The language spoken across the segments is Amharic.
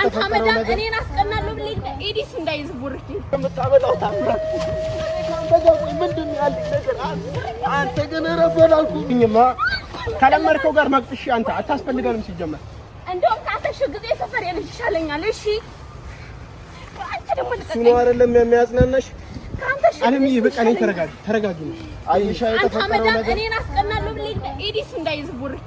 አንተ አመዳም እኔን አስቀናለሁ ግን እረፈን አልኩኝማ። ከለመድከው ጋር መቅጥሽ አንተ አታስፈልገንም። ሲጀመር እንደውም ከአንተ ጊዜ ሰፈር የልጅ ይሻለኛል። እሺ አንተ ደግሞ ልቀቀኝ። እሱ ነው አይደለም የሚያጽናናሽ። አለምዬ በቃ ነኝ። ተረጋጊ፣ ተረጋጊ። አንተ አመዳም እኔን አስቀናለሁ ብለህ ኤዲስ እንዳይዝ ቡርኪ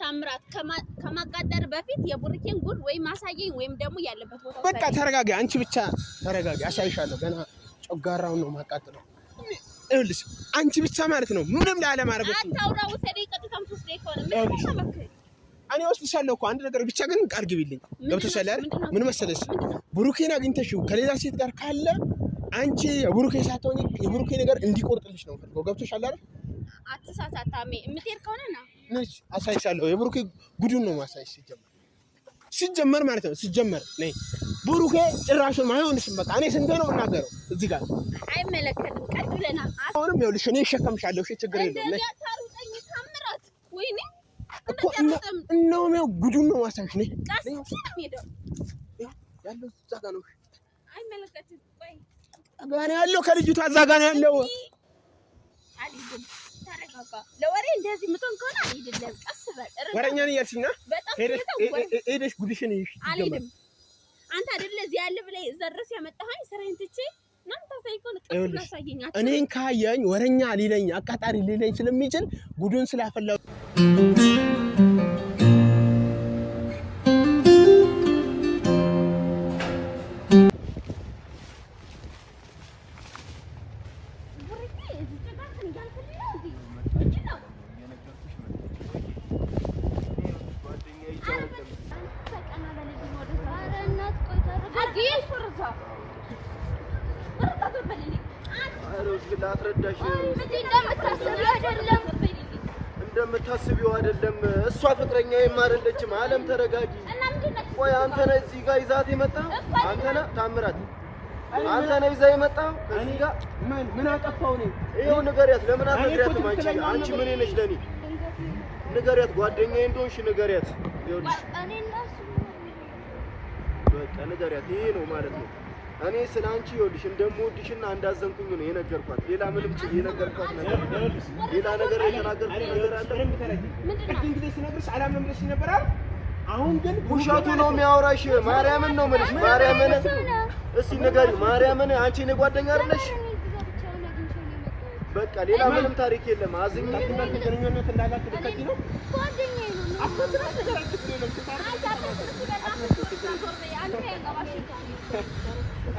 ታምራት ከማቃጠር በፊት የቡርኬን ጉድ ወይም አሳየኝ ወይም ደግሞ ያለበት ቦታ በቃ ተረጋጋ። አንቺ ብቻ ተረጋጋ፣ አሳይሻለሁ። ገና ጮጋራውን ነው ማቃጥለው። ይኸውልሽ አንቺ ብቻ ማለት ነው ምንም ላለ ማረግ አታውራ። ወሰደ ቀጥታም ሶስት ደቂቃ ነው ምን እኔ ወስድሻለሁ እኮ አንድ ነገር ብቻ ግን ቃል ግቢልኝ። ገብቶሻል አይደል? ምን መሰለሽ ብሩኬን አግኝተሽው ከሌላ ሴት ጋር ካለ አንቺ የብሩኬ ሳትሆኚ የብሩኬ ነገር እንዲቆርጥልሽ ነው ፈልገው። ገብቶሻል አይደል? አትሳሳታሜ የምትሄድ ከሆነ ና ነች አሳይሻለሁ። የብሩኬ ጉዱን ነው ማሳይሽ። ሲጀመር ሲጀመር ማለት ነው ሲጀመር ነይ ብሩኬ ጭራሹን አይሆንሽም። በቃ እኔ ስንቴ ነው የምናገረው እዚህ ጋር አይመለከትም። ቀጥ ቀጥለና አሁንም ይኸውልሽ እኔ ይሸከምሻለሁ። እሺ ችግር የለውም። ነይ እነውም ያው ጉዱን ነው ማሳይሽ። ነይ ያለው እዛ ጋር ነው አይመለከትም። ቆይ ጋር ያለው ከልጅቷ እዛ ጋር ነው ያለው ተረጋጋ። ለወሬ እንደዚህ የምትሆን ከሆነ አይደለም። ቀስ በል ወሬኛ እያልሽኝ ሄደሽ ጉድሽን ይሽ አልሄድም። አንተ አይደለ እዚህ ያለ ብለህ እዛ ድረስ ያመጣኸኝ ስራዬን ትቼ እኔን ካየኝ ወሬኛ ሊለኝ አቃጣሪ ሊለኝ ስለሚችል ጉዱን ስላፈላው እንደምታስቢው አይደለም። እሷ ፍቅረኛ አይደለችም። አለም ተረጋጊ። ቆይ አንተ ነህ እዚህ ጋር ይዛት የመጣው አንተ ነህ ታምራት፣ አንተ ነህ ይዛ የመጣው እዚህ ጋር ምን ምን አጠፋው? እኔ ይኸው ንገሪያት። ለምን አትነግሪያትም? አንቺ አንቺ ምን ነሽ ለእኔ? ንገሪያት፣ ጓደኛዬ እንደሆንሽ ንገሪያት። ይኸውልሽ በቃ ንገሪያት፣ ይሄ ነው ማለት ነው። እኔ ስለ አንቺ ይኸውልሽ እንደምወድሽና እንዳዘንኩኝ ነው የነገርኳት። ሌላ ምንም ችግር የነገርኳት ነገር ሌላ ነገር የተናገርኩት ነገር አለ። ቅድም ጊዜ ስነግርሽ አላምንም ብለሽ አሁን ግን ውሸቱ ነው የሚያወራሽ። ማርያምን ነው የምልሽ። ማርያምን እስኪ ንገሪው። ማርያምን አንቺ እኔ ጓደኛ አይደለሽ በቃ ሌላ ምንም ታሪክ የለም። አዝኝ ታክታክ ግንኙነት እንዳላችሁ ልከቲ ነው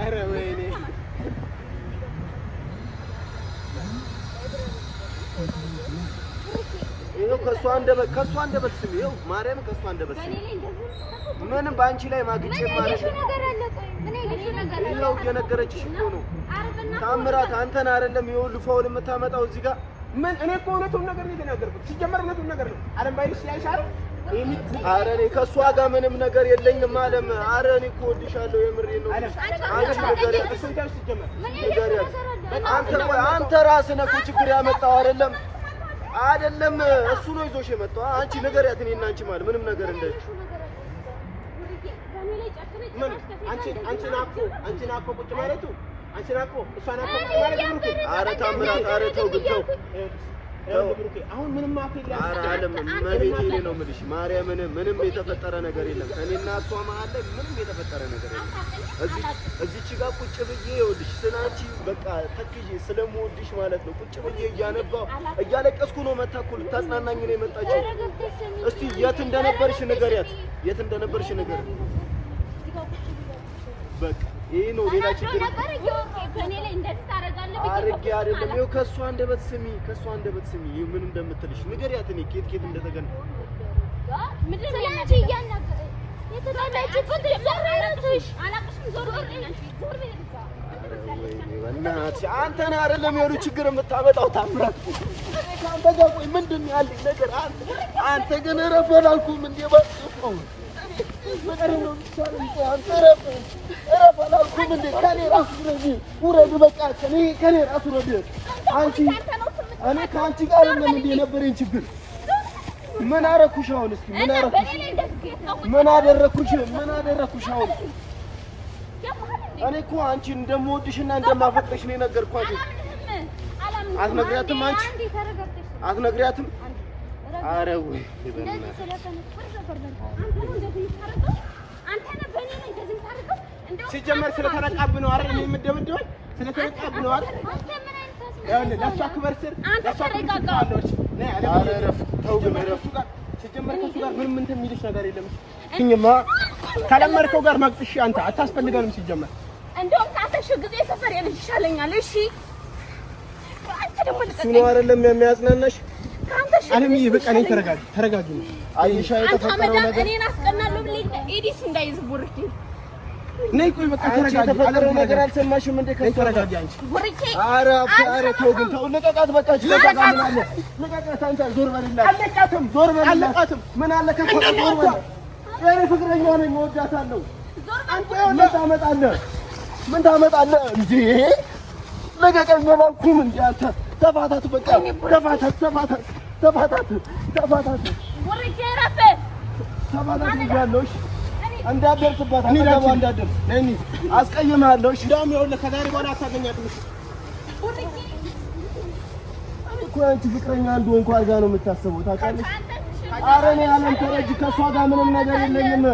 ኧረ ወይኔ ይኸው ከእሷ አንደበት ከእሷ አንደበት ይኸው ማርያም ከእሷ አንደበት ስም ምንም በአንቺ ላይ ማግኘት ማለት ነው። ይኸው እየነገረችሽ እኮ ነው ታምራት አንተን አይደለም ይሁን ልፎውን የምታመጣው እዚህ ጋር ምን እኔ እኮ እውነቱን ነገር ነው የተናገርኩት። ሲጀመር እውነቱን ነገር ነው። አለም ባይልሽ ያይሻል። ኧረ እኔ ከእሷ ጋር ምንም ነገር የለኝም። አለም ኧረ እኔ እኮ እወድሻለሁ። የምሬን ነው። አንቺ ንገሪያት፣ ንገሪያት። አንተ ቆይ አንተ ራስህ ነው ችግር ያመጣው አይደለም አይደለም እሱ ነው ይዞሽ የመጣው። አንቺ ንገሪያት። እኔ እና አንቺ ማለት ምንም ነገር እንደሽ አንቺ አንቺ ናኮ አንቺ ናኮ ቁጭ ማለቱ ነው ማርያምን ምንም የተፈጠረ ነገር የለም። እኔና እሷ መሀል ላይ ምንም የተፈጠረ ነገር የለም። እዚች ጋር ቁጭ ብዬ ይኸውልሽ ስለ አንቺ በቃ ተክዤ ስለምወድሽ ማለት ነው ቁጭ ብዬ እያነባሁ እያለቀስኩ ነው መታ እኮ ነው የመጣችው። እስቲ የት እንደነበርሽ ንገሪያት፣ የት እንደነበርሽ ንገሪያት በቃ ይሄ ነው ሌላ ችግር ነበር። በእኔ ላይ እንደዚህ ታደርጋለህ አድርጌ አይደለም። ይኸው ከእሷ አንደበት ስሚ፣ ከእሷ አንደበት ስሚ ምን እንደምትልሽ ንገሪያት። እኔ ኬት ኬት እንደተገና አንተን አይደለም የሆኑ ችግር የምታመጣው ታምራት። አንተ ጋር ቆይ፣ ምንድን ያለኝ ነገር? አንተ ግን እረፍ አላልኩም እንደ ውረድ በቃ ከኔ ራሱ ውረድ። አንቺ እኔ ከአንቺ ጋር እንደምን እንደ የነበረኝ ችግር ምን አደረኩሽ? አሁን እስኪ ምን አደረኩሽ? ምን አደረኩሽ? ምን አደረኩሽ? አሁን እኔ እኮ አንቺን እንደምወድሽና እንደማፈቅርሽ ነው የነገርኳት። አትነግሪያትም? አንቺ አትነግሪያትም? ሲጀመር ስለተነቃብህ ነው አይደል? የምደብደበኝ ስለተነቃብህ ነው አይደል? ለእሷ ክበር ስል ሲጀመር ከእሱ ጋር ምንም እንትን የሚልሽ ነገር የለም። እኔማ ከለመድከው ጋር ማቅጥሽ አንተ አታስፈልገንም። ሲጀመር እንደውም ከአስር ሺህ ጊዜ ሰፈር ይሻለኛል። እሺ እሱ ነው አይደለም የሚያጽናናሽ አለምዬ በቃ ነኝ። ተረጋጊ ተረጋጊ። አይሻ የተፈጠረው ነገር እኔን አስቀናለሁ ብለህ ኤዲስ እንዳይዝ ቡርኬ ነይ ቆይ በቃ ተረጋጊ። የተፈጠረው ነገር አልሰማሽም እንዴ? ከእሱ ተረጋጊ አንቺ ቡርኬ። ኧረ ኧረ ተው ግን ተው፣ ልቀቃት በቃ። እሺ ልቀቃት። ምን አለ ልቀቃት። አንተ ዞር በልላት። አልለቃትም። ዞር በልላት። አልለቃትም። ምን አለ ከእሱ ዞር በል። የእኔ ፍቅረኛ ነኝ እወዳታለሁ። አንተ ምን ታመጣለህ? ምን ታመጣለህ እንዴ? ልቀቀኝ አላልኩም እንዴ? አንተ ተፋታት በቃ ተፋታት ተፋታት ተፋታት ተፋታት ወርጄ ረፈ ተፋታት ይያለሽ እንዳትደርስባት አጠገቧ እንዳትደርስ ለኒ አስቀይምሃለሁ። እሺ ይኸውልህ ከዛሬ በኋላ አታገኛትም እኮ አንቺ ፍቅረኛ አንዱ እንኳን አድርጋ ነው የምታስበው ታውቃለሽ። ኧረ እኔ አለም ተረጅ ከእሷ ጋር ምንም ነገር የለኝም።